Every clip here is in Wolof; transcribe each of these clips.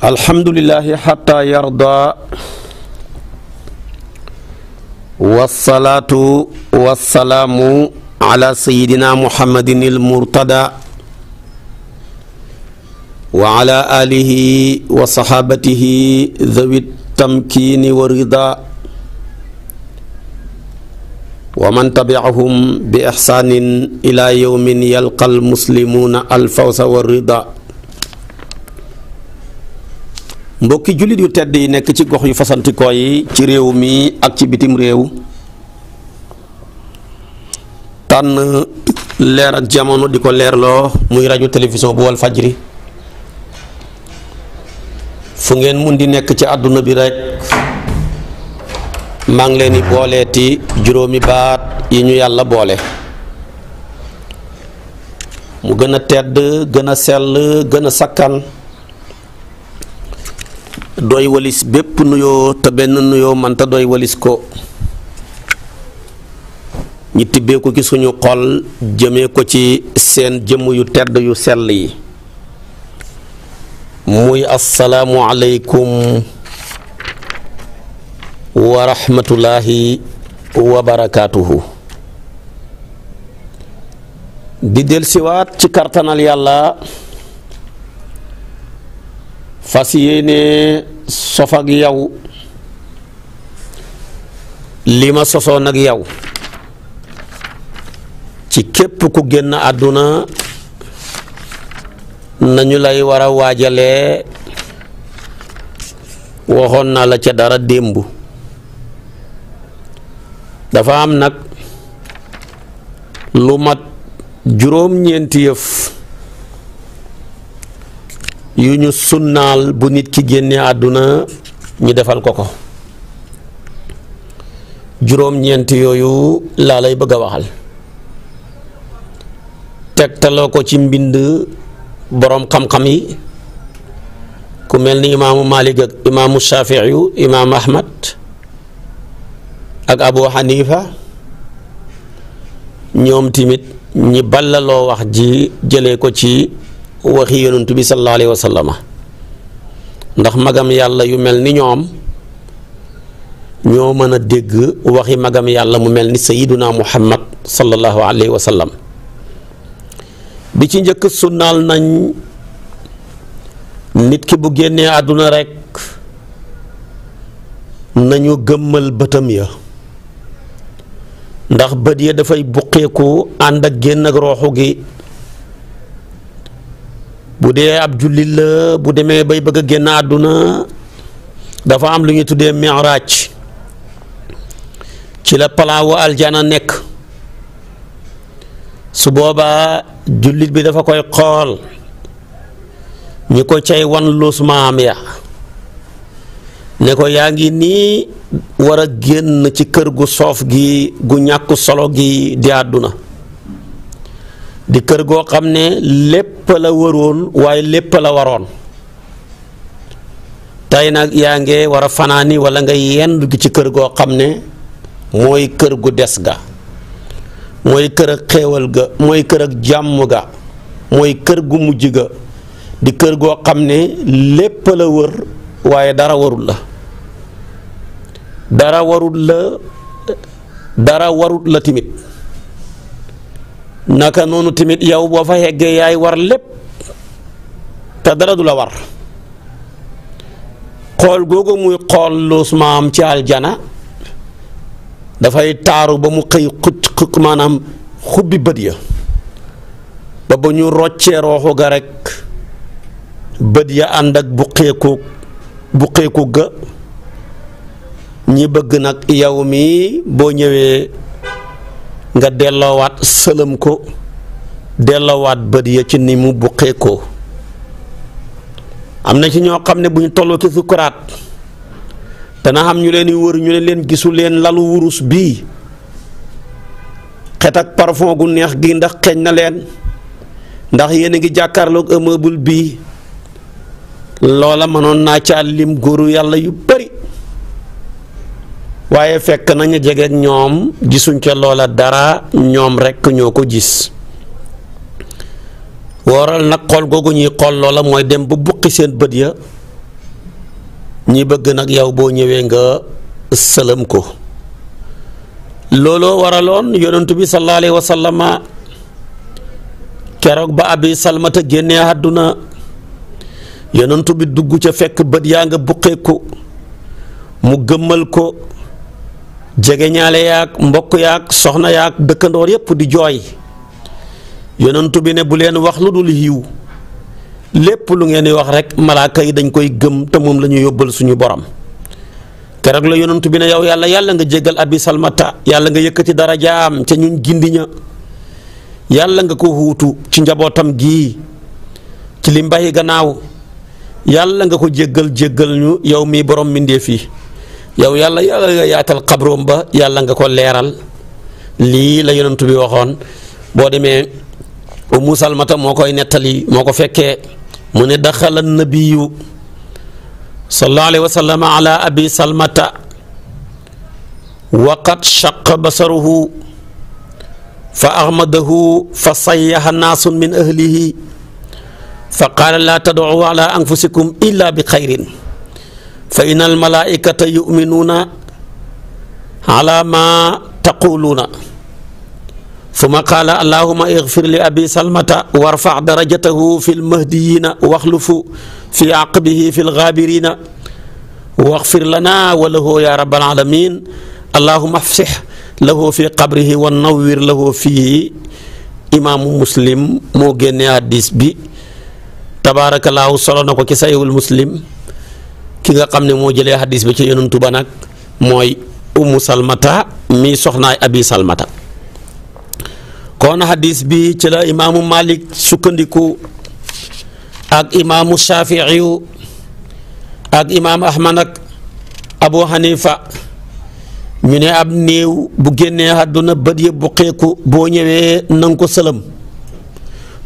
alhamdulillahi xatta yarda wassalaatu wassalaamu ala sayidina muhammadin il murtada wa ala alihi wa saxaabatihi dhawi tamkiini wa rida wa man tabiahum bi ixsaanin ila yowmin yalqa almuslimuuna alfawsa wa rida mbokki jullit yu tedd yi nekk ci gox yu fasantikoo yi ci réew mi ak ci bitim réew tànn leer ak jamono di ko leerloo muy rajo télévision bu wal fajri fu ngeen mun di nekk ci àdduna bi rek maa ngi leen di booleeti juróomi baat yi ñu yàlla boole mu gën a tedd gën a sell gën a sakkan doy walis bépp nuyoo te benn nuyoo manta doy walis ko ñi tibbee ko ci suñu xol jëmee ko ci seen jëmm yu tedd yu sell yi muy asalaamu aleykum wa rahmatullaahi di dellusiwaat ci kartanal yàlla fas yéene sof ak yow li ma sosoon ak yow ci képp ku génn àdduna nañu lay wara waajale waxoon naa la ca dara démb dafa am nag lu mat juróom-ñeenti yëf yu ñu sunnaal bu nit ki génne àdduna ñu defal ko ko juróom-ñeent yooyu laa lay bëgg a waxal tegtaloo ko ci mbind boroom xam-xam yi ku mel ni imaamu Malik ak imaamu Shafii yu imaamu Ahmad ak Abu Hanifa ñoom timit ñi ballaloo wax ji jële ko ci waxi yonent bi sallallahu wa sallama ndax magam yàlla yu mel ni ñoom ñoo mën a dégg waxi magam yàlla mu mel ni sayiduna muhammad sallallahu alayhi wa sallam bi ci njëkk sunnaal nañ nit ki bu génnee àdduna rekk nañu gëmmal bëtam ya ndax bët ya dafay buqeeku ànd ak génn ak rooxu gi bu dee ab jullit la bu demee bay bëgg a génn àdduna dafa am lu ñu tuddee miraaj ci la palaawu wa aljana nekk su boobaa jullit bi dafa koy xool ñi ko cay wan luus maam ya ne ko yaa ngi nii war a génn ci kër gu soof gi gu ñàkk solo gi di àdduna di kër goo xam ne lépp la waaye lépp la waroon tey nag yaa ngi war a fanaani wala nga yendu gi ci kër goo xam ne mooy kër gu des ga mooy kër ak xéewal ga mooy kër ak jàmm ga mooy kër gu mujj ga di kër goo xam ne lépp la waaye dara warul la dara warul la dara warut la timit naka noonu tamit yow boo fa yeggee yaay war lépp te dara du la war xool googu muy xool luus maam ci aljana dafay taaru ba mu xëy xut maanaam xubbi bët ya ba ba ñu roccee rooxu ga rekk bët ya ànd ak buqeeku buqeeku ga ñi bëgg nag yow mii boo ñëwee nga delloowaat sëlëm ko delloowaat bët ya ci ni mu buqee ko am na ci ñoo xam ne bu ñu tolloo ci sukkuraat dana xam ñu leen di wër ñu ne leen gisu leen lalu wurus bii xet ak parfum gu neex gii ndax xeeñ na leen ndax yéen a ngi jàkkaarloog immeuble bii loola mënoon naa ca lim góoru yàlla yu bari waaye fekk nañu jegeek ñoom gisuñ ca loola dara ñoom rekk ñoo ko gis waral nag xool googu ñuy xool loola mooy dem ba buqi seen bët ya ñi bëgg nag yow boo ñëwee nga sëlëm ko looloo waraloon yonentu bi sallallahu alayhi wa sallama keroog ba abi salmata génne àdduna yonentu bi dugg ca fekk bët yaa nga buqeeku mu gëmmal ko jegeñaale ñaale yaag mbokk yaag soxna yaag dëkkandoor yépp di jooy yonentu bi ne bu leen wax lu dul yiw lépp lu ngeen di wax rek malaaka yi dañ koy gëm te moom la ñu yóbbal suñu borom keroog la yonentu bi ne yow yàlla yàlla nga jégal abi salmata yàlla nga yëkkati darajaam ca ñun gindiña yàlla nga ko wuutu ci njabootam gii ci li mbay gannaaw yàlla nga ko jéggal jéggal ñu yow mii borom mindee fii yow yàlla yàlla yaatal xabroom ba yàlla nga ko leeral lii la yonent waxoon boo demee Umu Salmata moo koy nettali moo ko fekkee mu ne daxala nabiyu sallallahu alayhi salmata wa qad shaqa basaruhu fa axmadahu fa sayyaha naasun min ahlihi fa qaala laa tad'u ala anfusikum illa bi xayrin fa in almalaikata yuminuuna ala ma taquluuna summa qaala allahuma igfir li abi salmata warfax darajatahu fi lmahdiyiina waxlufu fi aqbihi fi lgaabiriina waxfir lana wa lahu ya rabbal alamin allahuma afsih lahu fi qabrihi wa nawwir lahu fii imaamu muslim moo génne hadiis bi tabaarakallaahu solo na ko ci saywul muslim ki nga xam ne moo jëlee hadis ba ci yonantu ba nag mooy ummu salmata mi soxnaay abi salmata kon hadis bi ci la imaamu malik sukkandiku ak imaamu shafiiyu ak imaam ahmad ak abu hanifa ñu ne ab néew bu génnee àdduna bët yëpp bu boo ñëwee nanga ko sëlëm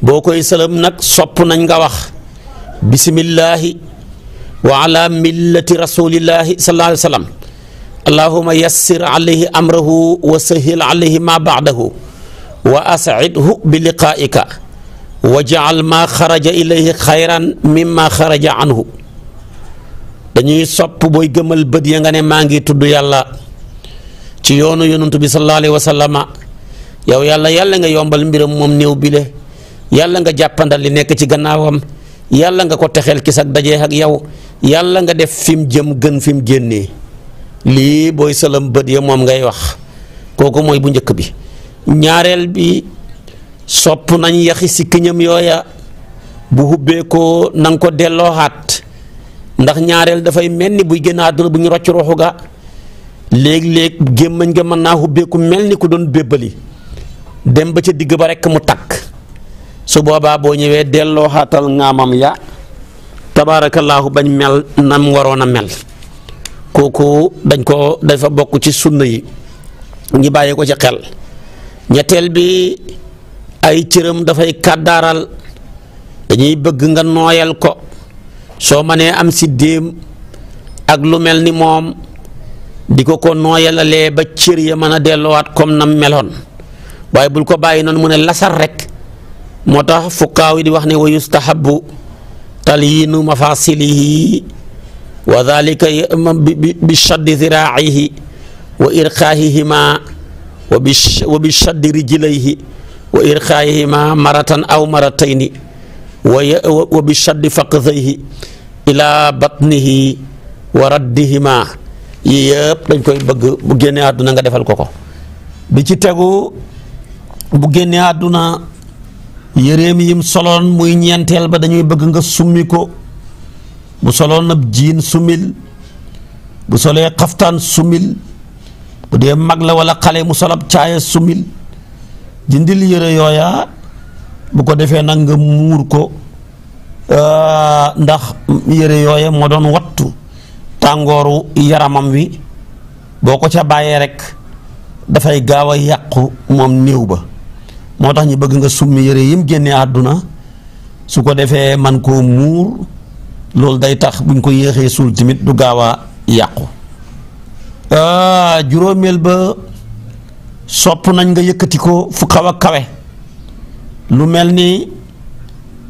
boo koy sëlëm nag sopp nañ nga wax bismillaahi wa ala millati rasulillahi sallallahu alayhi wa sallam allahuma yassir amrahu wa sahil alayhi ma baadahu wa asidhu bi liqaika wa jaal ma xaraja ilayhi xayran mimma xaraja anhu dañuy sopp booy gëmal bët ya nga ne maa ngi tudd yàlla ci yoonu yonantu bi sallallahu alayhi wa sallama yow yàlla yàlla nga yombal mbiram moom néew bile yàlla nga jàppandal li nekk ci gannaawam yàlla nga ko texeel ki sag daje ak yow yàlla nga def fi mu jëm gën fi mu génnee lii booy sëlëm bët ya moom ngay wax kooku mooy bu njëkk bi ñaareel bi sopp nañ yaxi si kiñam yooya bu hubbee ko na nga ko dellooxaat ndax ñaareel dafay mel ni buy génn àdduna bu ñu rocc roxu ga léeg-léeg gémmañ nga mën naa hubbeeku mel ni ku doon bébbali dem ba ca digg ba rekk mu takk su boobaa boo ñëwee delloo xaatal ngaamam ya tabaarakallaahu bañ mel nam waroon a mel kooku dañ ko defa bokk ci sunna yi ñi bàyyi ko ci xel ñetteel bi ay cëram dafay kàddaaral dañuy bëgg nga nooyal ko soo mënee am si déem ak lu mel ni moom di ko ko nooyalalee ba cër ya mën a delluwaat comme nam meloon waaye bul ko bàyyi noonu mu ne lasar rek moo tax fukkaaw yi di wax ne wa yustahabu talyiinu mafaasilihi wa dalika bi shaddi ziraacihi wa irqaahihima wa bi shaddi rijlayhi wa irqaahihima maratan aw maratayni wa bi shaddi faqdayhi ila batnihi wa raddihima yii dañ koy bëgg bu génnee àdduna nga defal ko ko bi ci tegu bu génnee àdduna yëreem yim soloon muy ñeenteel ba dañuy bëgg nga summi ko bu soloon ab jiin sumil bu solee xaftaan sumil bu dee mag la wala xale mu solab caaya sumil dindil yëre yooya bu ko defee nag nga muur ko euh, ndax yëre yooya moo doon wattu tàngooru yaramam wi boo ko ca bàyyee rekk dafay gaaw a yàqu moom néew ba moo tax ñu bëgg nga summi yére yim génne àdduna su ko defee man koo muur loolu day tax buñ ko yéexee suul tamit du gaaw a yàqu euh, juróomeel ba sopp nañ nga yëkkati ko fu xaw a kawe lu mel ni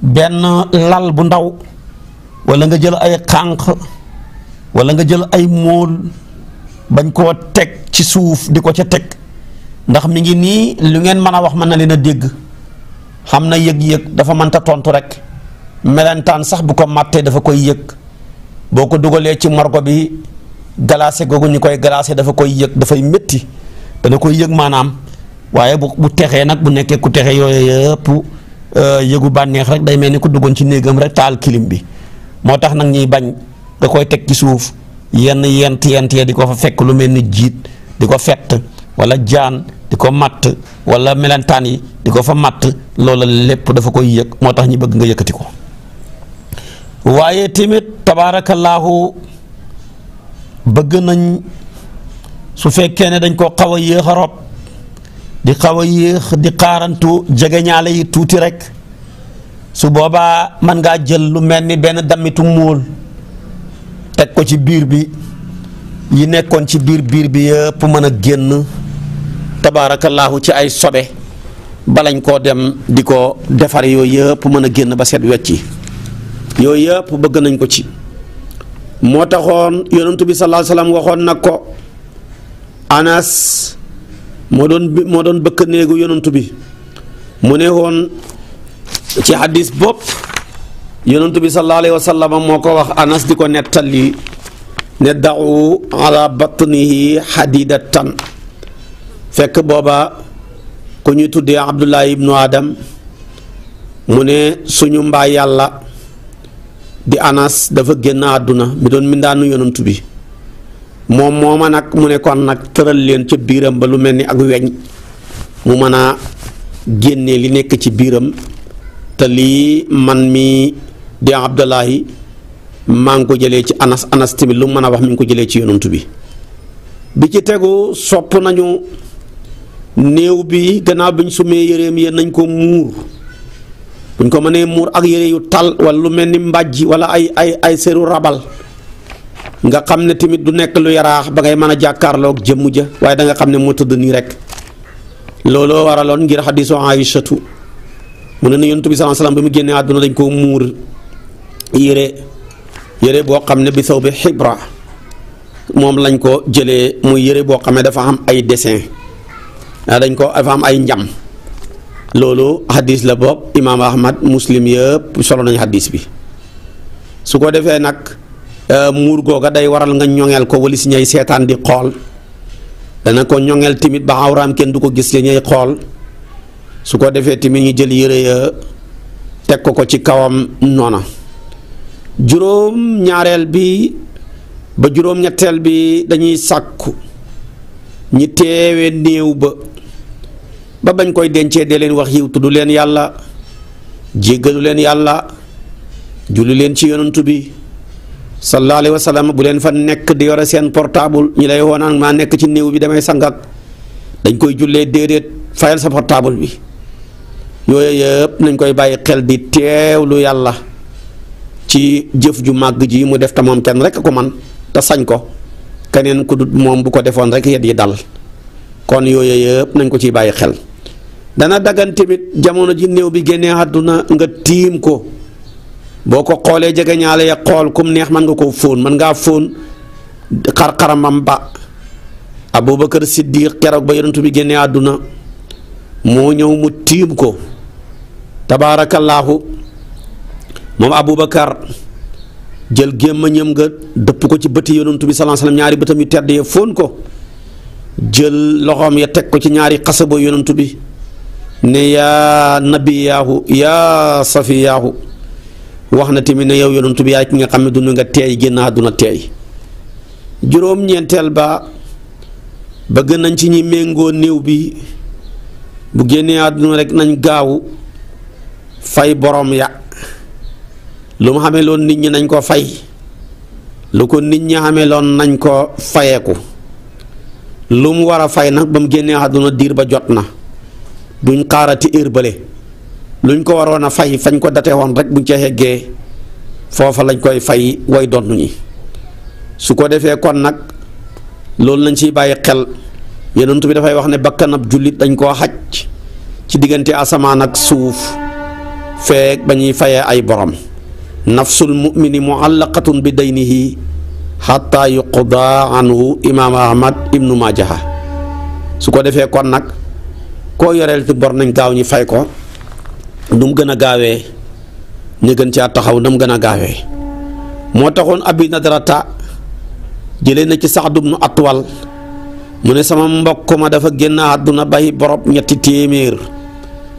benn lal bu ndaw walla nga jël ay xànq walla nga jël ay móol bañ koo teg ci suuf di ko ca teg ndax mi ngi nii lu ngeen mën a wax mën na leen a dégg xam na yëg-yëg dafa mënta tontu rek melentaan sax bu ko màttee dafa koy yëg boo ko dugalee ci morgo bi glacé googu ñu koy glacé dafa koy yëg dafay métti dana koy yëg maanaam waaye bu bu texee nag bu nekkee ku texe yooyu yëpp euh, yëgu bànneex rek day mel ni ku duggoon ci néegam rek taal kilim bi moo tax nag ñuy bañ da koy teg ci suuf yenn yent yent ya di ko fa fekk lu mel ni jiit di ko fett wala jaan di ko matt wala melentaan yi di ko fa matt loola lépp dafa koy yëg moo tax ñu bëgg nga yëkkati ko waaye tamit tabaarakallaahu bëgg nañ su fekkee ne dañ koo xaw a yéex rob di xaw a yéex di xaarantu jegeñaale yi tuuti rek su boobaa mën ngaa jël lu mel ni benn dammitu muul teg ko ci biir bi yi nekkoon ci biir biir bi yëpp mën a génn tabaarakallaahu ci ay sobe balañ koo dem di ko defar yooyu yëpp mën a génn ba set yi yooyu yëpp bëgg nañ ko ci moo taxoon yonentu bi sallallahu alayhi wasallam waxoon nag ko anas moo doon moo doon bëkk néegu yonentu bi mu ne woon ci hadis bopp yonentu bi sallallahu alayhi wasallam moo ko wax anas di ko nettali ne daxu ala batnihi xadidatan fekk booba ku tudd tuddee abdullahi ibnu adam mu ne suñu mbaa yàlla di anas dafa génn àdduna mi doon mindaanu yonantu bi moom mooma nag mu ne kon nag këral leen ca biiram ba lu mel ni ak weñ mu mën a génnee li nekk ci biiram te lii man mi di abdullahi maa ngi ko jëlee ci anas anas tamit lu mën a wax mi ngi ko jëlee ci yonantu bi bi ci tegu sopp nañu néew bi gannaaw bi ñu sumee yëreem yéen nañ ko muur buñ ko mënee muur ak yére yu tal wala lu mel ni mbàjj wala ay ay ay seru rabal nga xam ne tamit du nekk lu yaraax ba ngay mën a jàkkaarloog jëmm ja waaye da nga xam ne moo tëdd nii rek looloo waraloon ngir xadisu Aïchatu mu ne na yontu bi sallallahu alayhi bi mu génnee àdduna dañ ko muur yére yére boo xam ne bi saw bi xibra moom lañ ko jëlee muy yére boo xam ne dafa am ay dessin ndax dañ ko dafa am ay njam loolu xadis la bopp imaam ahmad muslim yëpp solo nañ xadis bi su ko defee nag euh, muur googa day waral nga ñoŋeel ko wala si ñay seetaan di xool dana ko ñoŋeel timit ba awraam kenn du ko gis li ñuy xool su ko defee timit ñu jël yére ya teg ko ko ci kawam noona juróom ñaareel bi ba juróom ñetteel bi dañuy sàkku ñi teewee néew ba ba bañ koy dencee de leen wax yiw tudd leen yàlla jéggalu leen yàlla julli leen ci yonantu bi sallallahu alayhi wa bu leen fa nekk di yore seen portable ñi lay woon ak maa nekk ci néew bi damay sangak dañ koy jullee déedéet fayal sa portable bi yooyu yëpp nañ koy bàyyi xel di teewlu yàlla ci jëf ju màgg ji mu def te moom kenn rek ko man te sañ ko keneen ku moom bu ko defoon rek yet yi dal kon yooyu yëpp nañ ko ciy bàyyi xel dana dagan tamit jamono ji néew bi génnee àdduna nga tiim ko boo ko xoolee jege ñaale ya xool comme neex mën nga koo fóon mën ngaa fóon xar-xaramam ba abubakar siddiq keroog ba yonentu bi génnee àdduna moo ñëw mu tiim ko tabaarakallaahu moom abubakar jël gémmañam nga dëpp ko ci bëti yonentu bi salaa salaam ñaari bëtam yu tedd ya fóon ko jël loxoom ya teg ko ci ñaari xasabo yonentu bi ne yaa nabiyaahu yaa safiyaahu wax na tamit ne yow yonent bi yaay ki nga xam ne dund nga teey génn àdduna teey juróom-ñeenteel ba bëgg nañ ci ñi méngoo néew bi bu génnee àdduna rek nañ gaaw fay borom ya lu mu xamee loon nit ñi nañ ko fay lu ko nit ñi xamee loon nañ ko fayeeku lu mu war a fay nag ba mu génnee àdduna diir ba jot na duñ xaarati heure bële luñ ko waroon a fay fañ ko date woon rek buñ ca heggee foofa lañ koy fay way donn ñi su ko defee kon nag loolu lañ ciy bàyyi xel yonent bi dafay wax ne bakkanab jullit dañ koo xaj ci diggante asamaan ak suuf feek ba ñuy fayee ay borom nafsul mu'mini mu'allaqatun bi daynihi xatta yuqdaa anhu imaam ahmad ibnu majaha su ko defee kon nag koo yoreel ci bor nañ gaaw ñi fay ko nu gën a gaawee ñu gën caa taxaw nu gën a gaawee moo taxoon abi nadrata jëlee na ci Saad ibnu Atwal mu ne sama mbokk ma dafa génn àdduna bàyyi borob ñetti téeméer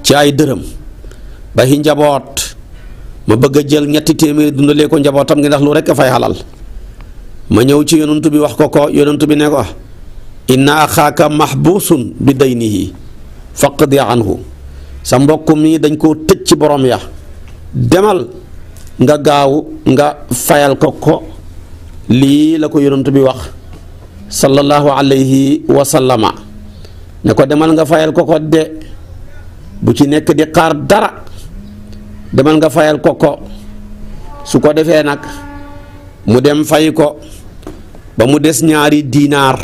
ci ay dërëm ba bàyyi njaboot ma bëgg a jël ñetti téeméer dundalee ko njabootam ngi ndax lu rekk fay xalal ma ñëw ci yonent bi wax ko ko yonent bi ne ko inna max mahbusun bi daynihi faqdi anhu sa mbokk mi dañ koo tëj ci borom ya demal nga gaaw nga fayal ko ko lii la ko yonent bi wax sallallahu alayhi wa ne ko demal nga fayal ko ko de bu ci nekk di xaar dara demal nga fayal ko ko su ko defee nag mu dem fay ko ba mu des ñaari diinaar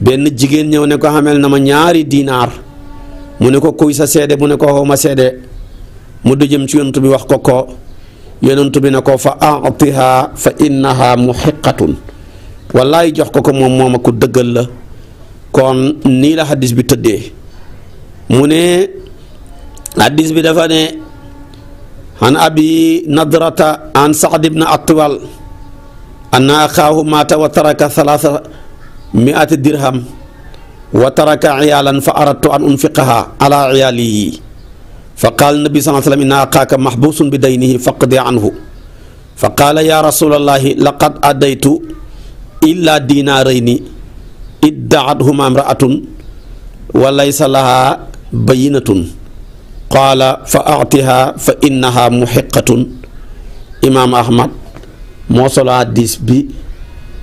benn jigéen ñëw ne ko xamel na ma ñaari diinaar mu ne ko kuy sa seede mu ne ko xaw seede mu du jëm ci yonent bi wax ko ko yonent na ko fa atiha fa innaha muxiqatun wallaay jox ko ko moom moom a ko la kon nii la xaddis bi tëddee mu ne xaddis bi dafa ne an abi nadrata an saad ibn atwal anna axaahu wa taraka thalaatha miati dirham wa taraka ciyaalan fa aradtu an unfiqaha ala ciyaalihi fa qaal nabi saa sallam inna aqaaka maxbuusun bi daynihi faqdi anhu fa qaala yaa rasulallaahi laqad addaytu illaa diinaarayni iddacathuma imraatun wa laysa lahaa bayinatun qaala fa atihaa fa innahaa muxiqatun imaam ahmad moo solo hadiis bi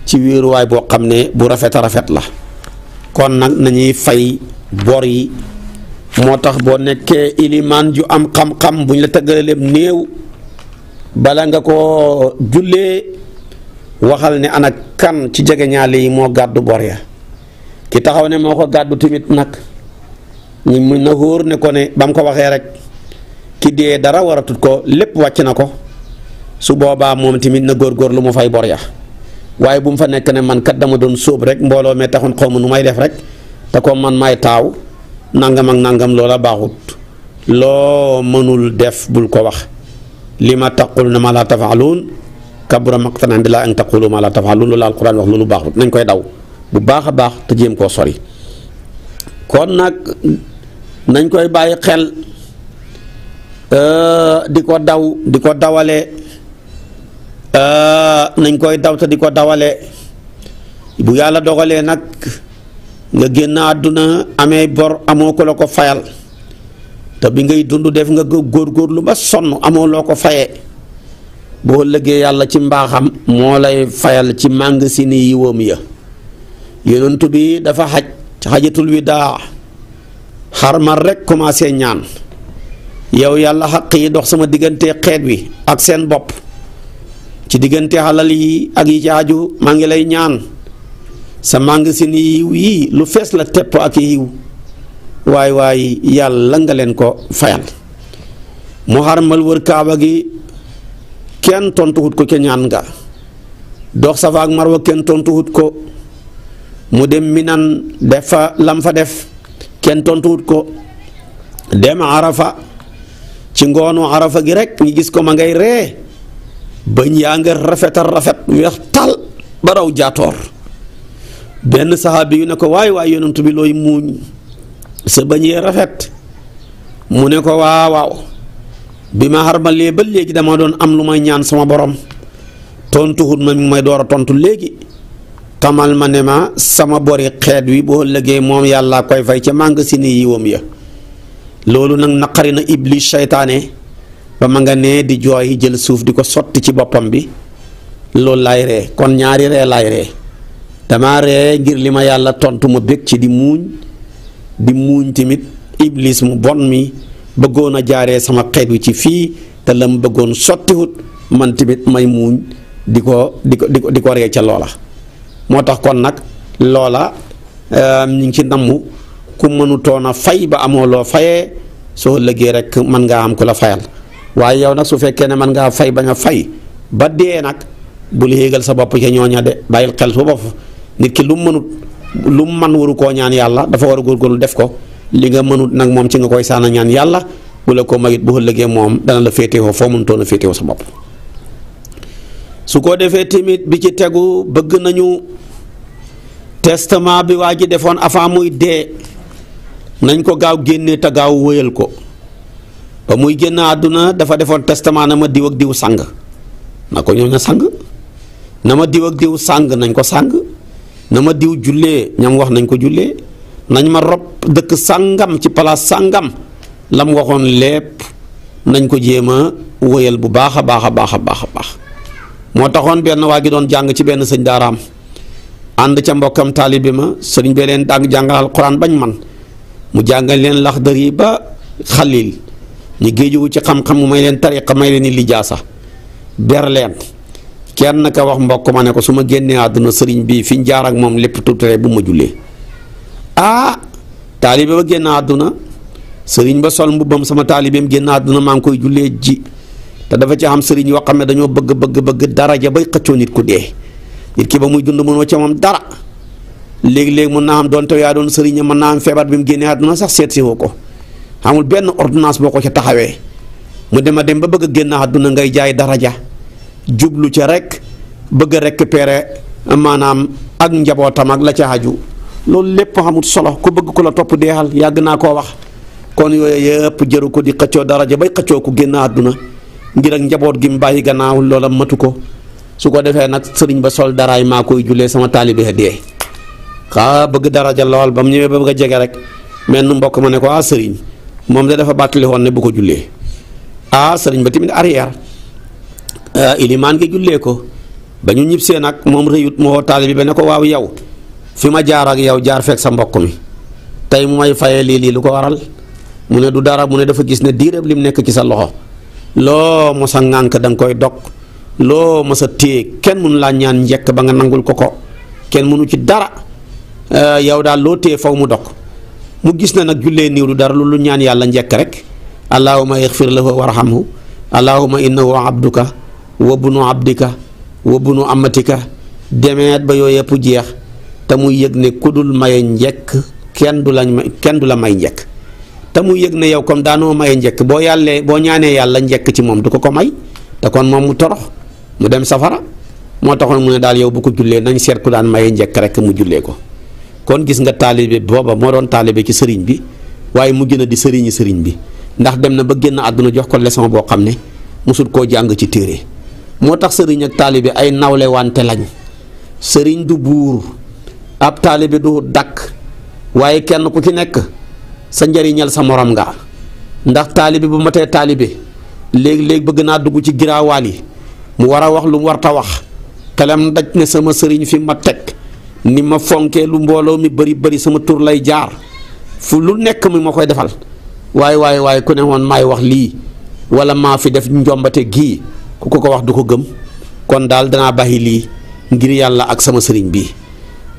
ci wéeruwaay boo xam ne bu rafet a rafet la kon nag nañuy fay bor yi moo tax boo nekkee ilimaan ju am xam-xam bu ñu la tëggalaleem néew bala nga koo jullee waxal ne ana kan ci jegeñaale yi moo gàddu bor ya ki taxaw ne moo ko gàddu tamit nag mu na wóor ne ko ne ba mu ko waxee rek ki dee dara waratut ko lépp wàcc na ko su boobaa moom tamit na lu mu fay bor ya waaye bu mu fa nekk ne man kat dama doon sóob rek mbooloo mee taxoon xaw ma nu may def rek te ko man may taaw nangam ak nangam loola baaxut loo mënul def bul ko wax li ma taqul na ma laa tafaaluun kabura maqtan indi laa an ma la tafaaluun loolu alquran wax loolu baaxut nañ koy daw bu baax a baax te jéem koo sori kon nag nañ koy bàyyi xel euh, di ko daw di ko dawale Ah, nañ koy daw te di ko dawale bu yàlla dogalee nag nga génn àdduna amee bor amoo ko la ko fayal te bi ngay dund def nga góor góorgóorlu ba sonn amoo loo ko fayee boo lëggee yàlla ci mbaaxam moo lay fayal ci màngasini yi wóom ya yonent bi dafa xaj xajatul wi widaa xarmal rek commencé ñaan yow yàlla xaq yi dox sama diggante xeet wi ak seen bopp ci diggante xalal yi ak yi maa ngi lay ñaan sa magasin yiw yii lu fees la tepp ak yiw waay waaye yàlla nga leen ko fayal mu xarmal wër kaaba gi kenn tontuwut ko ca ñaan nga dox safa ak marwa kenn tontuwut ko mu dem minan def fa lam fa def kenn tontuwut ko dem arafa ci ngoonu arafa gi rek ñu gis ko ma ngay ree bañ yaa nga rafetal rafet weex tal ba jaatoor benn saxaabi yu ne ko waay waay yonent bi looy muuñ sa bañ yee rafet mu ne ko waaw waaw bi ma xarmalee ba léegi dama doon am lu may ñaan sama borom tontuwut ma mi may door a tontu léegi tamal ma ne ma sama bori xeet wi boo lëggee moom yàlla koy fay ca màng si ni yiwam ya loolu nag naqari na iblis seytaane ba ma nga nee di jooy jël suuf di ko sotti ci boppam bi loolu laay ree kon ñaari ree laay ree dama ree ngir li ma yàlla tontu ma bég ci di muuñ di muuñ tamit iblis mu bon mi bëggoon a jaaree sama xeet wi ci fii te la mu bëggoon sottiwut man tamit may muuñ di ko di ko di ko di ko ree ca loola moo tax kon nag loola euh, ñu ngi ci namm ku mënutoon a fay ba amoo loo fayee soo lëggee rek mën ngaa am ku la fayal waaye yow nag su fekkee ne mën ngaa fay bañ a fay ba dee nag bul yéegal sa bopp ca ñooña de bàyyil xel su bopp nit ki lu mu mënut lu mu mën waru koo ñaan yàlla dafa war a góorgóorlu def ko li nga mënut nag moom ci nga koy saana ñaan yàlla bu la ko mayit bu ëllëgee moom dana la féetewoo foo mënutoon a féetewoo sa bopp su ko defee tamit bi ci tegu bëgg nañu testament bi waa ji defoon avant muy dee nañ ko gaaw génne te gaaw wëyal ko ba muy génn àdduna dafa defoon testament na ma diw ak diw sàng na ko ñoo ña sàng na ma diw ak diw sàng nañ ko sàng na diw jullee ñam wax nañ ko jullee nañ ma rob dëkk sàngam ci palaas sàngam lam waxoon lépp nañ ko jéem a wëyal bu baax a baax a baax a baax a baax moo taxoon benn waa gi doon jàng ci benn sëñ daaraam ànd ca mbokkam bi ma sëñ bee leen dàng jàngal alxuraan bañ man mu jàngal leen laxdar yi ba xalil ñu géejuwu ci xam-xam may leen tariqa may leen i lijaasa ber leen kenn ka wax mbokk ma ne ko su ma génnee àdduna sëriñ bii fi ñu jaar ak moom lépp tuutale bu ma jullee ah taalibe ba génn àdduna sëriñ ba sol mbubbam sama taalibeem génn àdduna maa ngi koy jullee ji te dafa ci am sëriñ yoo xam ne dañoo bëgg bëgg bëgg daraja bay xëccoo nit ku dee nit ki ba muy dund mënoo ca moom dara léegi léegi mun naa am doon te yaa doon sëriñ mën naa am feebar bi mu génnee àdduna sax seet ko. amul benn ordonnance boo ko ca taxawee mu dem a dem ba bëgg a génn àdduna ngay jaay daraja jublu ca rek bëgg a récupérer maanaam ak njabootam ak la ca aju loolu lépp xamul solo ku bëgg ko la topp deexal yàgg naa koo wax kon yooyu yëpp jëru ko di xëccoo daraja bay xëccoo ko génn àdduna ngir ak njaboot gi mu bàyyi gannaaw loola matu ko su ko defee nag sëriñ ba sol daraay maa koy jullee sama taalibe dee xaa bëgg daraja lool ba mu ñëwee ba bëgg a jege rek mel mbokk ma ne ko ah sëriñ moom da dafa bàttali woon ne bu ko jullee ah sëriñ ba tamit arrière euh, ilimaan gi jullee ko ba ñu ñibsee nag moom rëyut moo taalibe bi ba ne ko waaw yow fi ma jaar ak yow jaar fekk sa mbokk mi tey mu may fayee lii lii lu ko waral mu ne du dara mu ne dafa gis ne diiréb lim nekk ci sa loxo loo mosa a danga koy dog loo mos a téye kenn mënu laa ñaan njekk ba nga nangul ko ko kenn mënu ci dara euh, yow daal loo téye fow mu dog mu gis na nag jullee niiw du dara lu ñaan yàlla njekk rek allahuma ixfir lahu warhamhu allahuma innahu abduka wa bunu abdika wa bunu amatika demeet ba yooyu yëpp jeex te mu yëg ne ku dul maye njekk kenn du lañ may kenn du la may njekk te mu yëg ne yow comme daanoo maye njekk boo yàllee boo ñaanee yàlla njekk ci moom du ko ko may te kon moom mu torox mu dem safara moo taxoon mu ne daal yow bu ko jullee nañ seet ku daan maye njekk rek mu jullee ko kon gis nga taalibe booba moo doon taalibe ci sëriñ bi waaye mu gën di sëriñi sëriñ bi ndax dem na ba génn àdduna jox ko leçon boo xam ne musul koo jàng ci téere moo tax sëriñ ak taalibe ay nawle wante lañ sëriñ du buur ab taalibe du dakk waaye kenn ku ci nekk sa njariñal sa morom nga ndax taalibe bu matee taalibe léegi-léegi bëgg naa dugg ci giraawaal yi mu war a wax lu mu warta wax xelam daj ne sama sëriñ fi ma teg ni ma fonkee lu mbooloo mi bari bari sama tur lay jaar fu lu nekk mi ma koy defal waaye waaye waaye ku ne woon maay wax lii wala maa fi def njombate gii ku ko ko wax du ko gëm kon daal danaa baxi lii ngir yàlla ak sama sëriñ bi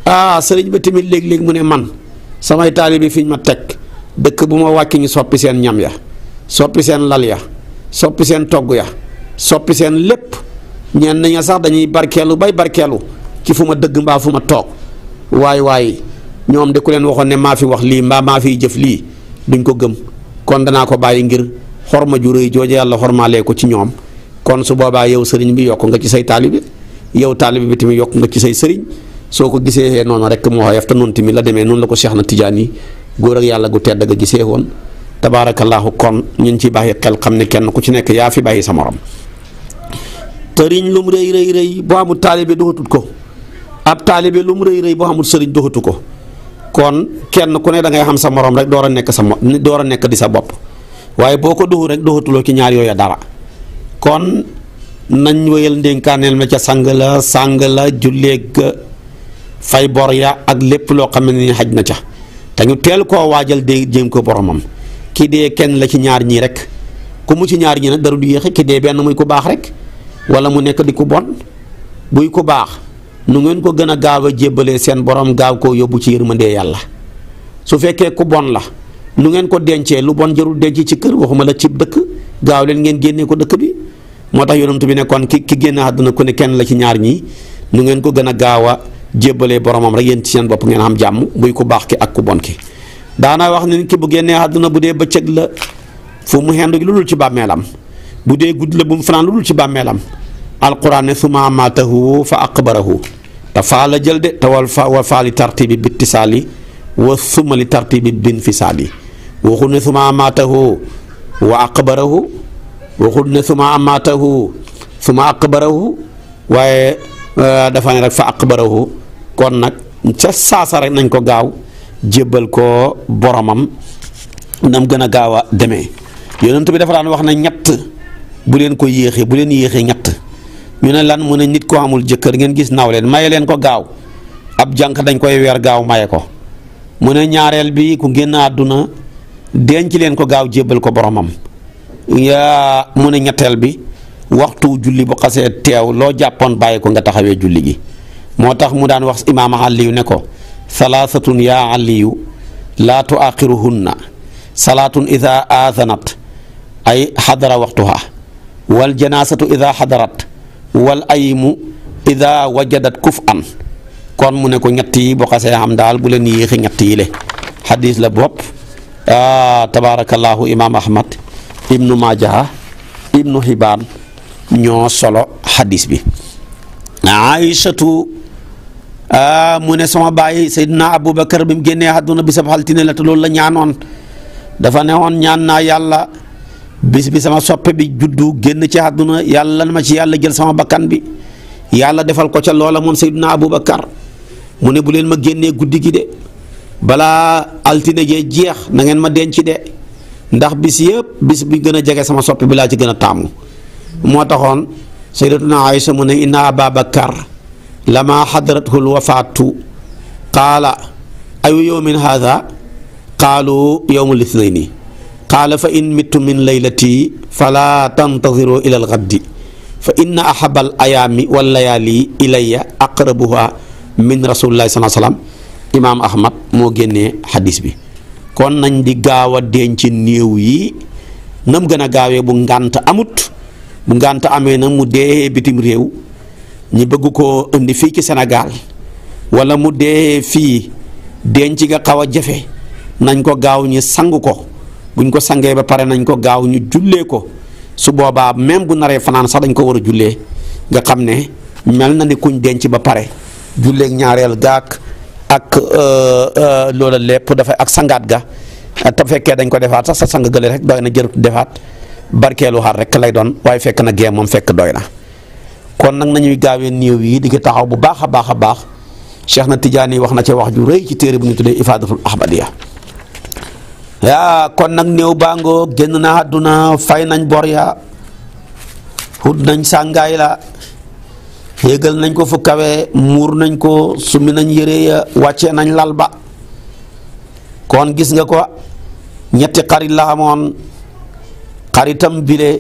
ah sëriñ ba tamit léeg-léeg mu ne man samay taalibe fi ñu ma teg dëkk bu ma wàcc ñu soppi seen ñam ya soppi seen lal ya soppi seen togg ya soppi seen lépp ñenn ña sax dañuy barkeelu bay barkeelu ci fu ma dëgg mbaa fu ma toog waaye waaye ñoom da ku leen waxoon ne maa fi wax lii mbaa maa fiy jëf lii duñ ko gëm kon danaa ko bàyyi ngir xorma ju rëy jooju yàlla xormaalee ko ci ñoom kon su boobaa yow sëriñ bi yokk nga ci say taalibe yow taalibe bi yokk nga ci say sëriñ soo ko gisee noonu rek moo xayaf te noonu tamit la demee noonu la ko seex na Tijaan yi góor ak yàlla gu tedd ga gisee woon tabaarakallaahu kon ñu ngi ciy bàyyi xel xam ne kenn ku ci nekk yaa fi bàyyi sa morom. tëriñ lum rëy rëy rëy boo amul taalibe dootul ko. ab taalibe lu mu rëy rëy boo xamul sëriñ doxatu ko kon kenn ku ne da ngay xam sa moroom rek door a nekk sa mo door a nekk di sa bopp waaye boo ko doxu rek doxatuloo ci ñaar yooya dara kon nañ wéyal ndénkaaneel ma ca sang la sang la julleeg fay bor ya ak lépp loo xam ne ni xaj na ca te ñu teel ko waajal dee jéem ko boromam ki dee kenn la ci ñaar ñii rek ku mu ci ñaar ñi nag dara du yéexe ki dee benn muy ku baax rek wala mu nekk di ku bon buy ku baax. nu ngeen ko gën a gaaw a jébbalee seen borom gaaw koo yóbbu ci yërmandee yàlla su fekkee ku bon la nu ngeen ko dencee lu bon jarul denc ci kër waxuma la cib dëkk gaaw leen ngeen génnee ko dëkk bi moo tax yonent bi ne kon ki ki génn àdduna ku ne kenn la ci ñaar ñii nu ngeen ko gën a gaaw a jébbalee boromam rek yéen ci seen bopp ngeen am jàmm muy ku baax ki ak ku bon ki daana wax ne ki bu génnee àdduna bu dee bëccëg la fu mu xendu lu dul ci bàmmeelam bu dee gudd la bu mu fanaan lu dul ci bàmmeelam alquran ne summa maatahu fa aqbarahu dafa la jël de te wal fa wa faali tartibi bi ittisaali wa sumali tartibi bi infisaali waxul ne suma amaatahu wa aqbarahu waxul ne suma waaye euh, dafa ne rek fa aqbarahu kon nag ca saasa rek nañ ko gaaw jébbal ko boromam nam gën a gaaw a demee yonent bi dafa daan wax na ñett bu leen ko yéexee bu leen yéexee ñett ñu ne lan mu ne nit ko amul jëkkër ngeen gis naw leen maye leen ko gaaw ab jànq dañ koy weer gaaw maye ko mu ne ñaareel bi ku génn àdduna denc leen ko gaaw jébbal ko boromam yaa mu ne ñetteel bi waxtu julli bu xasee teew loo jàppoon bàyyi ko nga taxawee julli gi moo tax mu daan wax imaam Aliyu ne ko salaasatun yaa Aliyu laa tuaxiruhunna salaatun ida aasanat ay xadara waxtuha wal janaasatu ida xadarat wal ayimu ida wajadat kuf an kon mu ne ko ñett yi boo xasee am daal bu leen yéexi ñett yi le xadis la bopp ah, tabaarakallaahu imaam ahmad ibnu majaha ibnu hibaan ñoo solo xadiis bi aïchatu ah, mu ne sama bàyyi seydina aboubacar bi mu génnee àdduna bi sab xaltine la te loolu la ñaanoon dafa ne woon ñaan naa yàlla bis bi sama soppe bi juddu génn ci àdduna yàlla na ma ci yàlla jël sama bakkan bi yàlla defal ko ca loola moom Seydina Aboubacar mu ne bu leen ma génnee guddi gi de balaa altine jee jeex na ngeen ma denc de ndax bis yëpp bis bi gën a jege sama soppe bi laa ci gën a taamu moo taxoon Seydatuna Aïcha mu ne inna Ababakar lama hadratul wafaatu qaala ayu kaalu haada qaalu yowmul nii qaala fa in mittu min laylati falaa tantaziru ila alxaddi fa inna ahabal ayaami wal layaali ilayya aqrabuha min rasulillahi salaa salaam imaam Ahmad moo génnee xadis bi kon nañ di gaaw a denc néew yi nam gën a gaawee bu ngànt amut bu ngànt amee na mu dee bitim réew ñi bëgg ko indi fii ci senegal wala mu dee fii denc nga xaw a jafe nañ ko gaaw ñi sang ko. buñ ko sangee ba pare nañ ko gaaw ñu jullee ko su boobaa même bu naree fanaan sax dañ ko war a jullee nga xam ne mel na ni kuñ denc ba pare julleeg ñaareel gaak ak euh, euh, loola lépp dafa ak sangaat ga ah, te fekkee dañ ko defaat sax sa sang gële rek doy na jërut defaat barkeelu xar rek lay doon waaye fekk na gee moom fekk doy na kon nag nañuy gaawee néew yi di ko taxaw bu baax a baax a baax Cheikh na Tidiane wax na ci wax ju rëy ci téere bu ñu tuddee Ifaadatul Ahmadiya yaa kon nag néew bàngoo génn na àdduna fay nañ bor ya nañ sàngaay la yéegal nañ ko fu kawe muur nañ ko summi nañ yére ya wàcce nañ lal ba kon gis nga ko ñetti xarit la amoon xaritam bile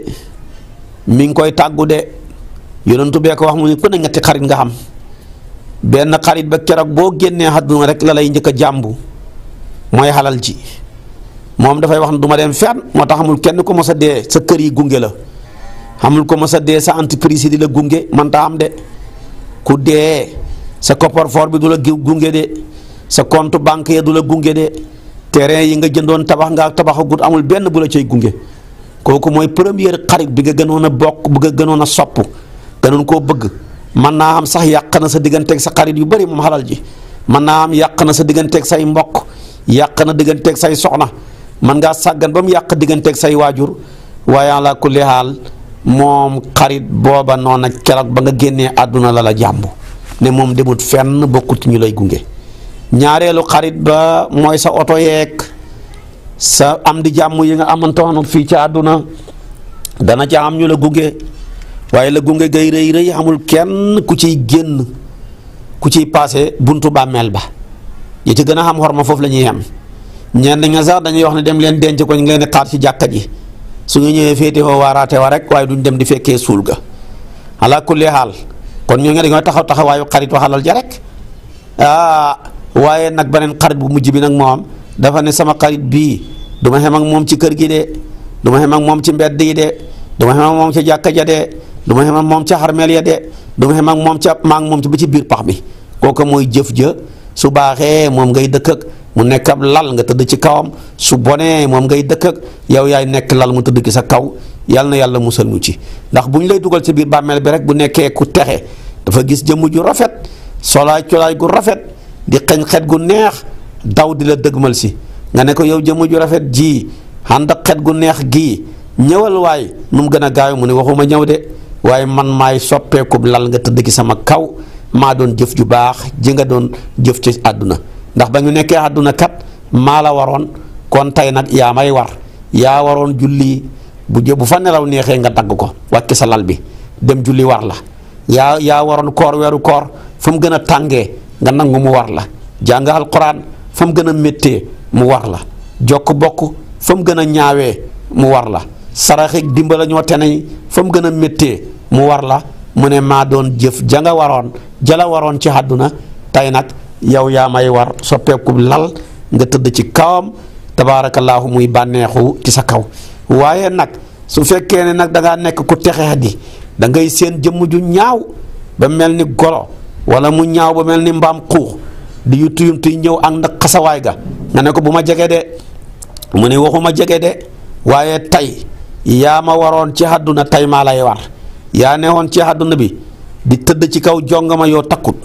mi ngi koy tàggu de yonentu bee ko wax mu ne ku ne ñetti xarit nga xam benn xarit ba keroog boo génnee àdduna rek la njëkk a jàmbu mooy xalal ji moom dafay wax ne du ma dem fenn moo tax amul kenn ko mos a dee sa kër yi gunge la amul ko mos a dee sa entreprise yi di la gunge man taa am de ku dee sa coffre-fort bi du la gunge de sa compte banque ya du la gunge de terrain yi nga jëndoon tabax nga tabaxagut amul benn bu la cay gunge kooku mooy première xarit bi nga gënoon a bokk bi nga gënoon a sopp gënoon koo bëgg mën naa am sax yàq na sa digganteeg sa xarit yu bari moom xalal ji mën naa am yàq na sa digganteeg say mbokk yàq na digganteeg say soxna. man ngaa sàggan ba mu yàq digganteeg say waajur waaye ala kulli haal moom xarit booba noona keroog ba nga génnee àdduna la la jàmb ne moom demut fenn bokkut ci ñu lay gunge ñaareelu xarit ba mooy sa oto yeek sa am di jàmm yi nga amantoon fii ci àdduna dana ca am ñu la gunge waaye la gunge gay rëy rëy amul kenn ku ciy génn ku ciy paase buntu bàmmeel ba ya ci gën a xam xorma foofu lañuy ñuy ñenn ña sax dañuy wax ne dem leen denc ko ñu ngi leen di xaar ci jàkka ji su ñu ñëwee féete woo waaraate wa rek waaye duñ dem di fekkee suul ga ala kulli xaal kon ñoo nga dañoo taxaw taxawaayu xarit waxalal ja rek ah waaye nag beneen xarit bu mujj bi nag moom dafa ne sama xarit bii du ma ak moom ci kër gi de du ma xem ak moom ci mbedd yi de du ma xem ak moom ca jàkka ja de du ma xem ak moom ca xarmeel ya de du ma moom ca maa ngi moom ci ba ci biir pax bi kooku mooy jëf ja su baaxee moom ngay dëkk mu nekk ab lal nga tëdd ci kawam su bonee moom ngay dëkk ak yow yaay nekk lal mu tëdd ci sa kaw yàlla na yàlla musal ñu ci ndax bu ñu lay dugal ci biir bàmmeel bi rek bu nekkee ku texe dafa gis jëmm ju rafet solaay colaay gu rafet di xeñ xet gu neex daw di la dëgmal si nga ne ko yow jëmm ju rafet jii ànd ak xet gu neex gii ñëwal waay mu gën a gaaw mu ne waxuma ñëw de waaye man maay soppeeku lal nga tëdd ci sama kaw maa doon jëf ju baax ji nga doon jëf ci àdduna ndax ba ñu nekkee àdduna kat maa la waroon kon tey nag yaa may war yaa waroon julli bu jë bu fa nelaw neexee nga dagg ko wàcc sa lal bi dem julli war la yaa yaa waroon koor weeru koor fu mu gën a tàngee nga nangu mu war la jàng alquran fa mu gën a méttee mu war la jokk bokk fa mu gën a ñaawee mu war la saraxig dimbala ñoo teney fa mu gën a méttee mu war la mu ne maa doon jëf ja nga waroon jala waroon ci àdduna tey nag yow yaa may war soppeeku lal nga tëdd ci kawam tabaarakallaahu muy bànneexu ci sa kaw waaye nag su fekkee ne nag da nekk ku texeex di da ngay seen jëmm ju ñaaw ba mel ni golo wala mu ñaaw ba mel ni mbaam xuux di yu tuyum tuy ñëw ak nag xasawaay ga nga ne ko bu ma jege de mu ne waxu ma jege de waaye tey yaa ma waroon ci àdduna tey maa lay war yaa newoon ci àdduna bi di tëdd ci kaw jongama yoo takkut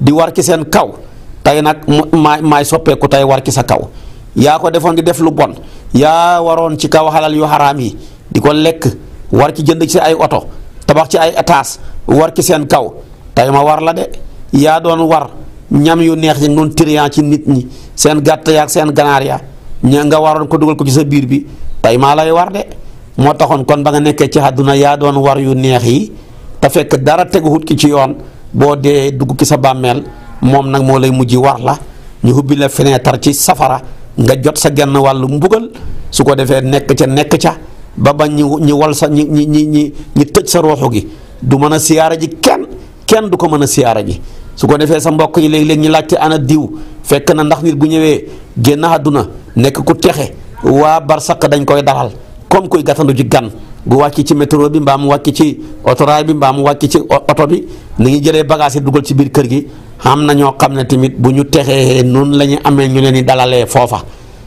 di war ci seen kaw tey nag maay maay soppeeku tey war ci sa kaw yaa ko defoon di def lu bon yaa waroon ci kaw xalal yu xaraam yi di ko lekk war ci jënd ci ay oto tabax ci ay étage war ci seen kaw tey ma war la de yaa doon war ñam yu neex yi noonu trian ci nit ñi seen gàtt ak seen ganaar ya ña nga waroon ko dugal ko ci sa biir bi tey maa lay war de moo taxoon kon ba nga nekkee ci àdduna yaa doon war yu neex yi te fekk dara teguwut ki ci yoon boo dee dugg ki sa bàmmeel moom nag moo lay mujj war la ñu hubbi la fenêtre ci safara nga jot sa genn wàllu mbugal su ko defee nekk ca nekk ca ba bañ ñu ñu sa ñi ñi ñi ñi ñi tëj sa ruuxu gi du mën a siyaara ji kenn kenn du ko mën a siyaara ji su ko defee sa mbokk yi léeg-léeg ñu laajte ana diw fekk na ndax nit bu ñëwee génn àdduna nekk ku texe waa barsaq dañ koy dalal comme kuy gàttandu ji gan bu wàccee ci métro bi mbaa mu wàcc ci autorail bi mbaa mu wàcc ci oto bi ni ngi jëlee bagage dugal ci biir kër gi xam na ñoo xam ne tamit bu ñu texee noonu la ñu amee ñu leen dalalee foofa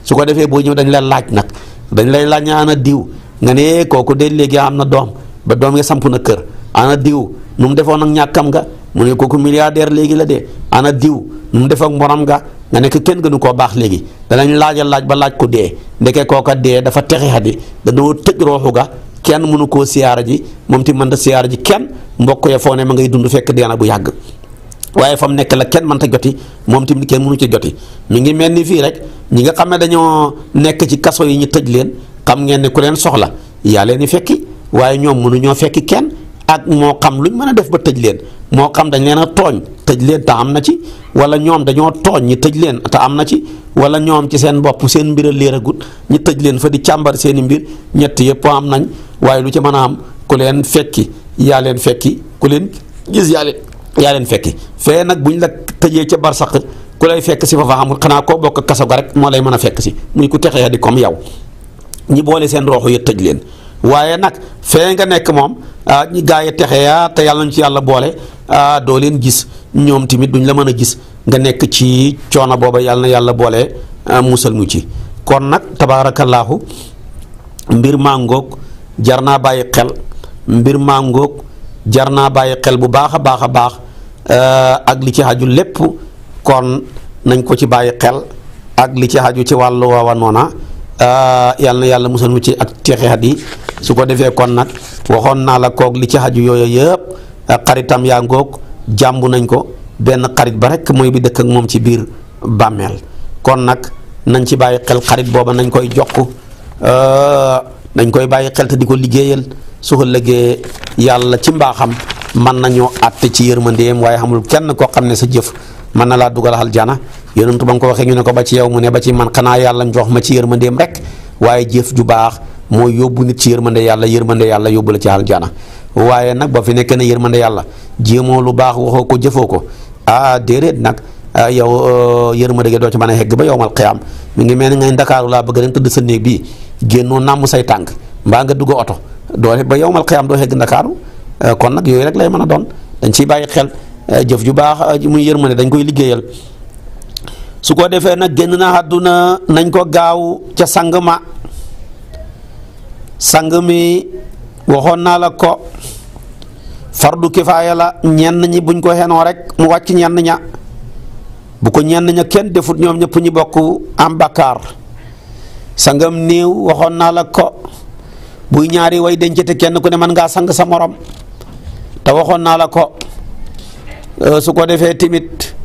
su ko defee boo ñëw dañ leen laaj nag dañu lay laaj ana diw nga ne eh, kooku de léegi am na doom ba doom yi samp na kër ana diw nu mu defoon ak ñàkkam nga mu ne kooku milliardaire léegi la de ana diw mu def ak mboram nga nga nekk kenn gënu koo baax léegi danañ laajal laaj ba laaj ko dee ndeke kooka dee dafa texe xadi dañoo tëj rooxu ga kenn mënu koo siyaara ji moom ti mën da siyaara ji kenn mbokk ya foo ne ma ngay dund fekk dee na bu yàgg waaye fa mu nekk la kenn mënta joti moom tamit kenn mënu ci joti mu ngi mel ni fii rek ñi nga xam ne dañoo nekk ci kaso yi ñu tëj leen xam ngeen ne ku leen soxla yaa leen di fekki waaye ñoom mënuñoo fekki kenn ak moo xam luñ mën a def ba tëj leen moo xam dañ leen a tooñ tëj leen te am na ci wala ñoom dañoo tooñ ñi tëj leen te am na ci wala ñoom ci seen bopp seen mbir a leer agut ñi tëj leen fa di càmbar seen i mbir ñett yëpp am nañ waaye lu ci mën a am ku leen fekki yaa leen fekki ku leen gis yaa leen fekki fee nag bu ñu la tëjee ca barsaq ku lay fekk si fa fa xamul xanaa koo bokk kaso ga rek moo lay mën a fekk si muy ku texee di comme yow ñi boole seen rooxu yët tëj leen waaye nag fee nga nekk moom ah, ñi gaa yi texee yaa te yàlla ñu ci yàlla boole ah, doo leen gis ñoom tamit duñ la mën a gis nga nekk ci coono booba yàlla yàlla boole ah, musal mu ci kon nag tabaarakallaahu mbir màngook jar naa bàyyi xel mbir màngook jar naa bàyyi xel bu baax a baax a baax euh, ak li ci xaju lépp kon nañ ko ci bàyyi xel ak li ci xaju ci wàll waawa noona euh, yàlla na yàlla musal mu ci ak texeet yi su ko defee kon nag waxoon naa la koog li ci xaju yooyu yëpp euh, xaritam yaa ngoog jàmbu nañ ko benn xarit ba rek mooy bi dëkk ak moom ci biir bàmmeel kon nag nañ ci bàyyi xel xarit booba nañ koy jokk nañ koy bàyyi xel te di ko liggéeyal su ko lëggee yàlla ci mbaaxam mën nañoo àtte ci yërmandeem waaye xamul kenn koo xam ne sa jëf mën na laa dugal aljana yonentu ba nga ko waxee ñu ne ko ba ci yow mu ne ba ci man xanaa yàlla jox ma ci yërmandeem rek waaye jëf ju baax mooy yóbbu nit ci yërmande yàlla yërmande yàlla yóbbu la ci aljana waaye nag ba fi nekk ne yërmande yàlla jéemoo lu baax waxoo ko jëfoo ko ah déedéet nag ah, yow euh, yërmande gi doo ci man a xegg ba yowmal qiyaam mu ngi mel ni ngay ndakaaru laa bëgg leen tëdd sa néeg génnoo nàmm say tànk mbaa nga dugg oto doo ba yowmal qiyaam doo xegg ndakaaru euh, kon nag yooyu rek lay mën a doon dañ ciy bàyyi xel euh, jëf ju baax euh, muy ne dañ koy liggéeyal su ko defee nag génn na àdduna nañ ko gaaw ca sang ma mi waxoon naa ko fardu kifaaya la ñenn ñi buñ ko xenoo rek mu wàcc ñenn ña bu ko ñenn kenn defut ñoom ñëpp ñu bokk am bakkaar sangam néew waxoon naa la ko buy ñaari way dencate kenn ku ne mën ngaa sang sa morom te waxoon naa la ko euh, su ko defee timit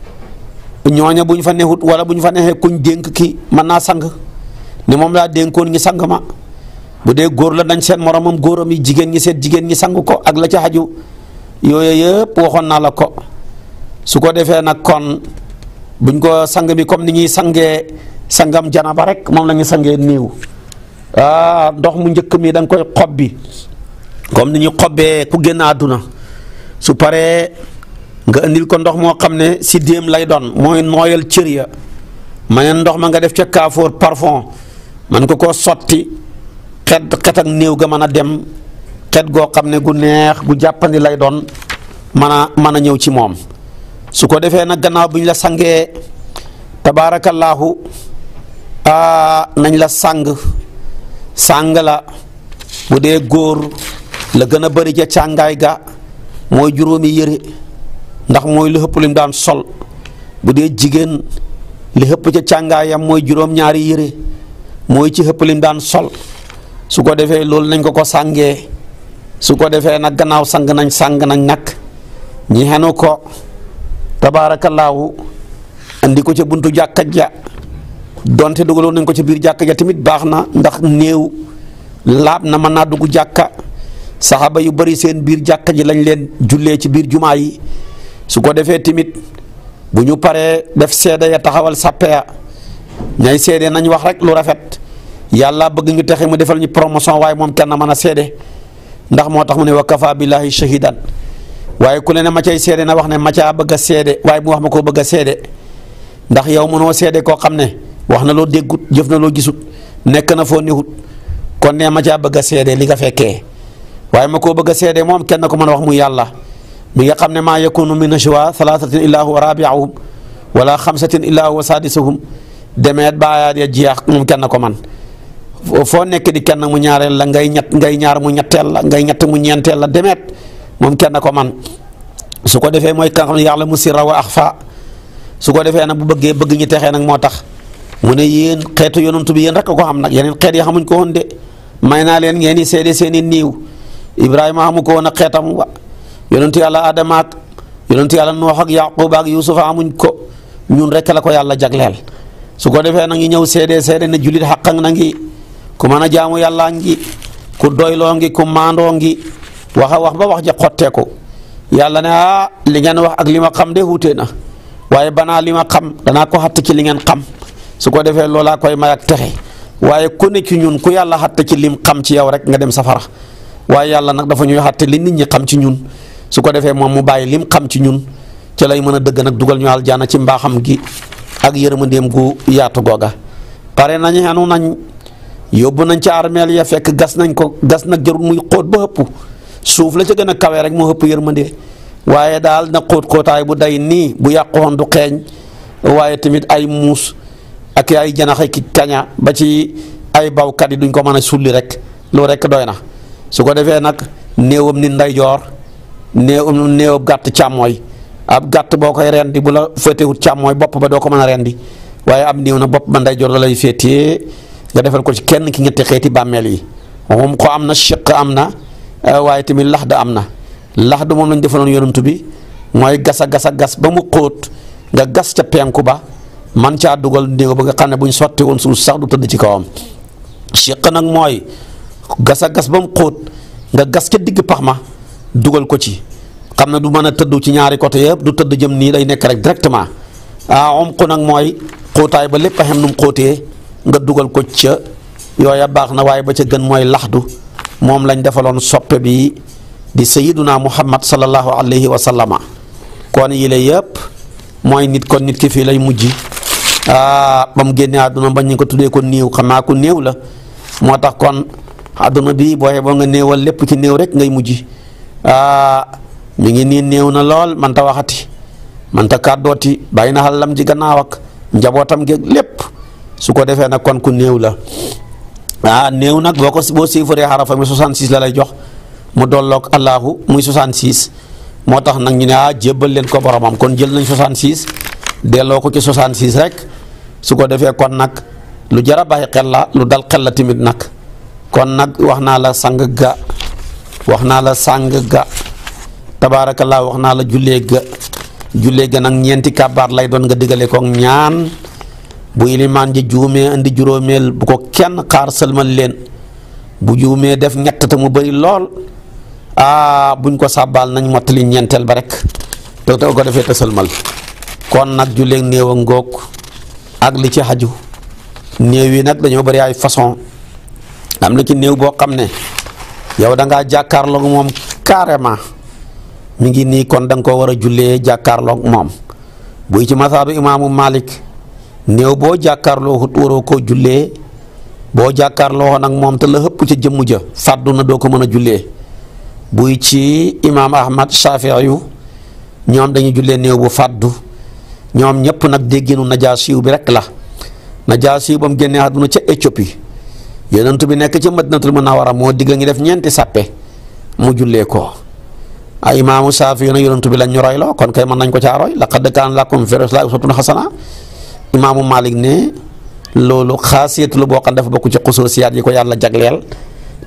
ñooña buñ fa nexut wala buñ fa nexee kuñ dénk ki mën naa sang ni moom laa dénkoon ñi sang bu dee góor la dañ seen moromam góoram yi jigéen ñi seet jigéen ñi sang ko ak la ca xaju yooyu waxoon naa la ko su ko defee nag kon buñ ko sang bi comme ni ñuy sangee sangam janaba rek moom la ñu sangee niiw Ah, ndox mu njëkk mi danga nga koy xob bi comme ni ñu xobbee ku génn àdduna su paree nga indil ko ndox moo xam ne si déem lay doon mooy nooyal cër ya maneen ndox ma nga def ca kaafoor parfum man ko koo sotti xet xet ak néew ga mën a dem xet goo xam ne gu neex gu jàppandi lay doon mën a mën a ñëw ci moom su ko defee nag gannaaw bu ñu la sangee tabaarakallaahu ah, nañ la sàng sàng bu dee góor la gën a bëri ca càngaay ga mooy juróomi yëre ndax mooy lu xëpp lim daan sol bu dee jigéen li xëpp ca càngaayam mooy juróom-ñaari yëre mooy ci xëpp lim daan sol su ko defee loolu nañ ko ko sangee su ko defee nag gannaaw sang nañ sang nañ nag ñi xenu ko tabaarakallaahu andi ko ca buntu jàkka ja donte dugaloon nañ ko ci biir jàkka ja tamit baax na ndax néew laab na mën naa dugg jàkka saxaaba yu bari seen biir jàkka ji lañ leen jullee ci biir jumaa yi su ko defee tamit bu ñu paree def seede ya taxawal sàppe ya ñay seede nañ wax rek lu rafet yàlla bëgg ñu texe mu defal ñu promotion waaye moom kenn mën a seede ndax moo tax mu ne wa kafa billahi shahidan waaye ku ne ne ma cay seede na wax ne ma caa bëgg a seede waaye mu wax ma koo bëgg a ndax yow mënoo seede koo xam ne wax na loo déggut jëf na loo gisut nekk na foo newut kon nee ma caa bëgg a seede li nga fekkee waaye ma koo bëgg a moom kenn ko mën a wax mu yàlla mi nga xam ne maa yakunu min najwa thalathatin illaa huwa rabi'uhum wala xamsatin illaa huwa sadisuhum demeet baayaat ya jeex moom kenn ko man foo nekk di kenn mu ñaareel la ngay ñett ngay ñaar mu ñetteel la ngay ñett mu ñeenteel la demeet moom kenn ko man su ko defee mooy ka xam ne yàlla mu sirra wa axfa su ko defee nag bu bëggee bëgg ñu texee nag moo tax mu ne yéen xeetu yonantu bi yéen rek ko xam nag yeneen xeet yi xamuñ ko woon de may naa leen ngeen di seede seeni i niiw Ibrahima amu ko woon ak xeetam wa yonantu yàlla Adama ak yonantu yàlla Noox ak Yaqub ak Yuusufa amuñ ko ñun rek la ko yàlla jagleel su ko defee na ngi ñëw seede seede ne jullit xaq na ngi ku mën a jaamu yàlla ngi ku doyloo ngi ku maandoo ngi wax a wax ba wax ja xotteeku yàlla ne ah li ngeen wax ak li ma xam de wuute na waaye banaa li ma xam danaa ko xatt ci li ngeen xam. su ko defee loolaa koy may ak texe waaye ku ne ci ñun ku yàlla xatte ci lim xam ci yow rek nga dem safara waaye yàlla nag dafa ñuy xatte li nit ñi xam ci ñun su ko defee moom mu bàyyi lim xam ci ñun ci lay mën a dëgg nag dugal ñu aljaana ci mbaaxam gi ak yërmandeem gu yaatu googa pare nañ xenu nañ yóbbu nañ ci armeel ya fekk gas nañ ko gas nag jarul muy xóot ba xëpp suuf la ca gën a kawe rek moo xëpp yërmande waaye daal na xóot xóotaay bu day nii bu yàqoon du xeeñ waaye tamit ay muus ak ay janax ki kaña ba ci ay bawkat yi duñ ko mën a sulli rek loolu rek doy na su ko defee nag néewam ni ndeyjoor néewam néewam gàtt càmmooy ab gàtt boo koy rendi bu la féetewut càmmooy bopp ba doo ko mën a rendi waaye am néew na bopp ba ndeyjoor la lay féetee nga defal ko ci kenn ki ñetti xeeti bàmmeel yi moom ko am na chiq am na eh, waaye tamit lax da am na lax da moom lañ defaloon yonent bi mooy gas a gas ba mu xóot nga gas ca penku ba. man caa dugal néego ba nga xam ne bu ñu sotti woon suuf sax du tëdd ci kawam siq nag mooy gas gas ba mu xóot nga gas ca digg pax ma dugal ko ci xam ne du mën a tëddu ci ñaari côté yëpp du tëdd jëm nii day nekk rek directement a omqu nag mooy xóotaay ba lépp a xem nu mu xóotee nga dugal ko ca yooya baax na waaye ba ca gën mooy laxdu moom lañ defaloon soppe bi di sayiduna muhammad sallallahu alayhi wa sallama kon yi la yëpp mooy nit kon nit ki fii lay mujj ah ba mu génnee àdduna ba ñu ko tuddee ko néew xam naa ko néew la moo tax kon àdduna bi booyee boo nga néewal lépp ci néew rek ngay mujji ah mi ngi nii néew na lool man ta waxati man ta kàddooti bàyyi na xalam ci gannaaw ak njabootam geeg lépp su ko defee na kon ku néew la ah néew nag boo ko boo siifaree xarafa mi 66 la lay jox mu dolloog allahu muy 66 moo tax nag ñu ne ah jébbal leen ko boromam kon jël nañ 66 delloo ko ci 66 rek. su ko defee kon nag lu jar a bàyyi xel la lu dal xel la tamit nag kon nag wax naa la sang ga wax naa la sang ga tabaarakallaa wax naa la jullee ga jullee ga nag ñeenti kàbbaar lay doon nga digale ko ñaan bu ilimaan ji juumee indi juróomeel bu ko kenn xaar sëlmal leen bu juumee def ñett te mu bari lool aa buñ ko sàbbaal nañ mottali ñeenteel ba rek te ko defee te sëlmal kon nag jullee néew a ngoog ak li ci xaju néew yi nag dañoo bari ay façon am na ci néew boo xam ne yow dangaa ngaa moom carrément mu ngi nii kon danga ko war a jullee jàkkaarlook moom buy ci masaabu imaamu Malik néew boo jàkkaarloo waroo koo jullee boo jàkkaarloo nag moom te la xëpp ca jëmm ja fàddu na doo ko mën a jullee buy ci imaam Ahmad Shafi'i ñoom dañuy jullee néew bu fàddu. ñoom ñëpp nag dégginu najaasiw bi rek la najaasiw ba mu génnee àdduna ca Éthiopie yonent bi nekk ca Madinatul Munawwara moo digg ngi def ñeenti sàppe mu jullee ko ay imaamu Saafi nag yonantu bi lañ ñu royloo kon kay mën nañ ko caa roy laqad kaana lakum fii rasuulillaahi uswatun hasana imaamu Maalik ne loolu xaasiyatu lu boo xam dafa bokk ci xusuusiyaat yi ko yàlla jagleel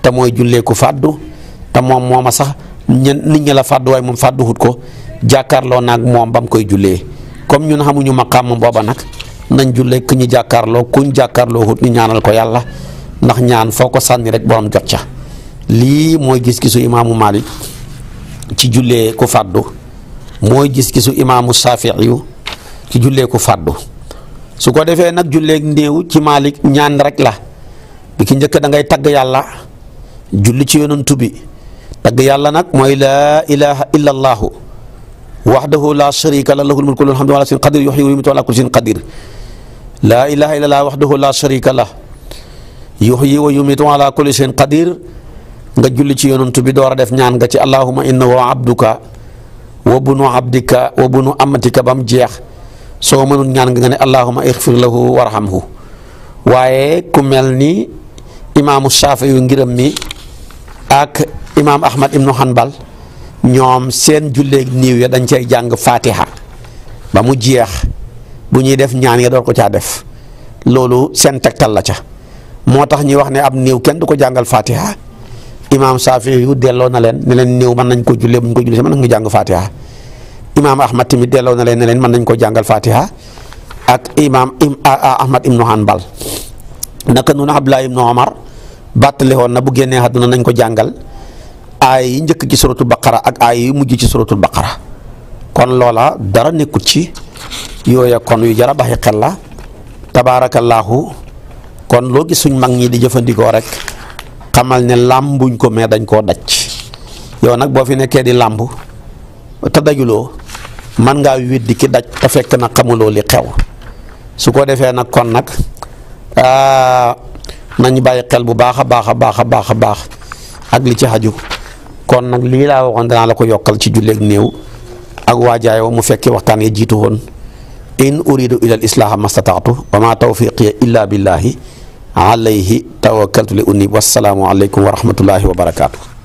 te mooy jullee ku fàddu te moom moom mooma sax ñen nit ñi la fàddu waaye moom fàdduwut ko jàkkaarloo naag moom ba mu koy jullee. comme ñun xamuñu maqaam booba nag nañ jullee ku ñu jàkkaarloo kuñ jàkkaarloo hut ñu ñaanal ko yàlla ndax ñaan foo ko sànni rek borom jot ca lii mooy gis-gisu imaamu Malik ci jullee ku fàddu mooy gis-gisu imaamu Saafi'i ci jullee ku fàddu su ko defee nag julleeg néew ci Malik ñaan rek la bi ki njëkk dangay tagg yàlla julli ci yonantu tubi tagg yàlla nag mooy laa ilaha illa waxdahu laa sharika la lahul mulku alhamdu ala sin qadir yuhyi wa yumiitu ala kulli qadir laa ilaha illa waxdahu laa sharika la yuhyi wa yumiitu ala kulli qadir nga julli ci yonantu bi door def ñaan nga ci allahuma innahu abduka wa bunu abdika wa bunu amatika ba jeex soo mënul ñaan nga ne allahuma ixfir lahu warhamhu waaye ku mel ni imaamu Shaafi yu ngiram ak imaam Ahmad ibnu Hanbal ñoom seen julleeg niiw ya dañ cay jàng faatiha ba mu jeex bu ñuy def ñaan ya door ko caa def loolu seen tegtal la ca moo tax ñuy wax ne ab néew kenn du ko jàngal faatiha imaam saafi yu delloo na leen ne leen néew mën nañ ko jullee bu ñu ko jullee mën nañ ko jàng faatiha imaam ahmad tamit delloo na leen ne leen mën nañ ko jàngal faatiha ak imaam im ahmad ibnu hanbal naka noonu abdulaay ibnu omar bàttale woon na bu génnee àdduna nañ ko jàngal aay yi njëkk ci suratul baqara ak aay yi mujj ci suratul baqara kon loola dara nekkut ci yooya kon yu jara a baxi xel la tabaarakallaahu kon loo gis suñ mag ñi di jëfandikoo rek xamal ne làmbuñ ko mais dañ koo daj yow nag boo fi nekkee di làmb te dajuloo man ngaa weddi ki daj te fekk na xamuloo li xew su ko defee nag kon nag nañ bàyyi xel bu baax a baax a baax a baax a baax ak li ci xaju kon nag lii laa waxoon danaa la ko yokkal ci julleeg néew ak waajaay wa mu fekkee waxtaan ya jiitu woon in uridu ila al islaaha mastataatu wa ma tawfiqiya illa billahi alayhi tawakkaltu unni unib wassalaamu aleykum wa rahmatullahi wa barakaatu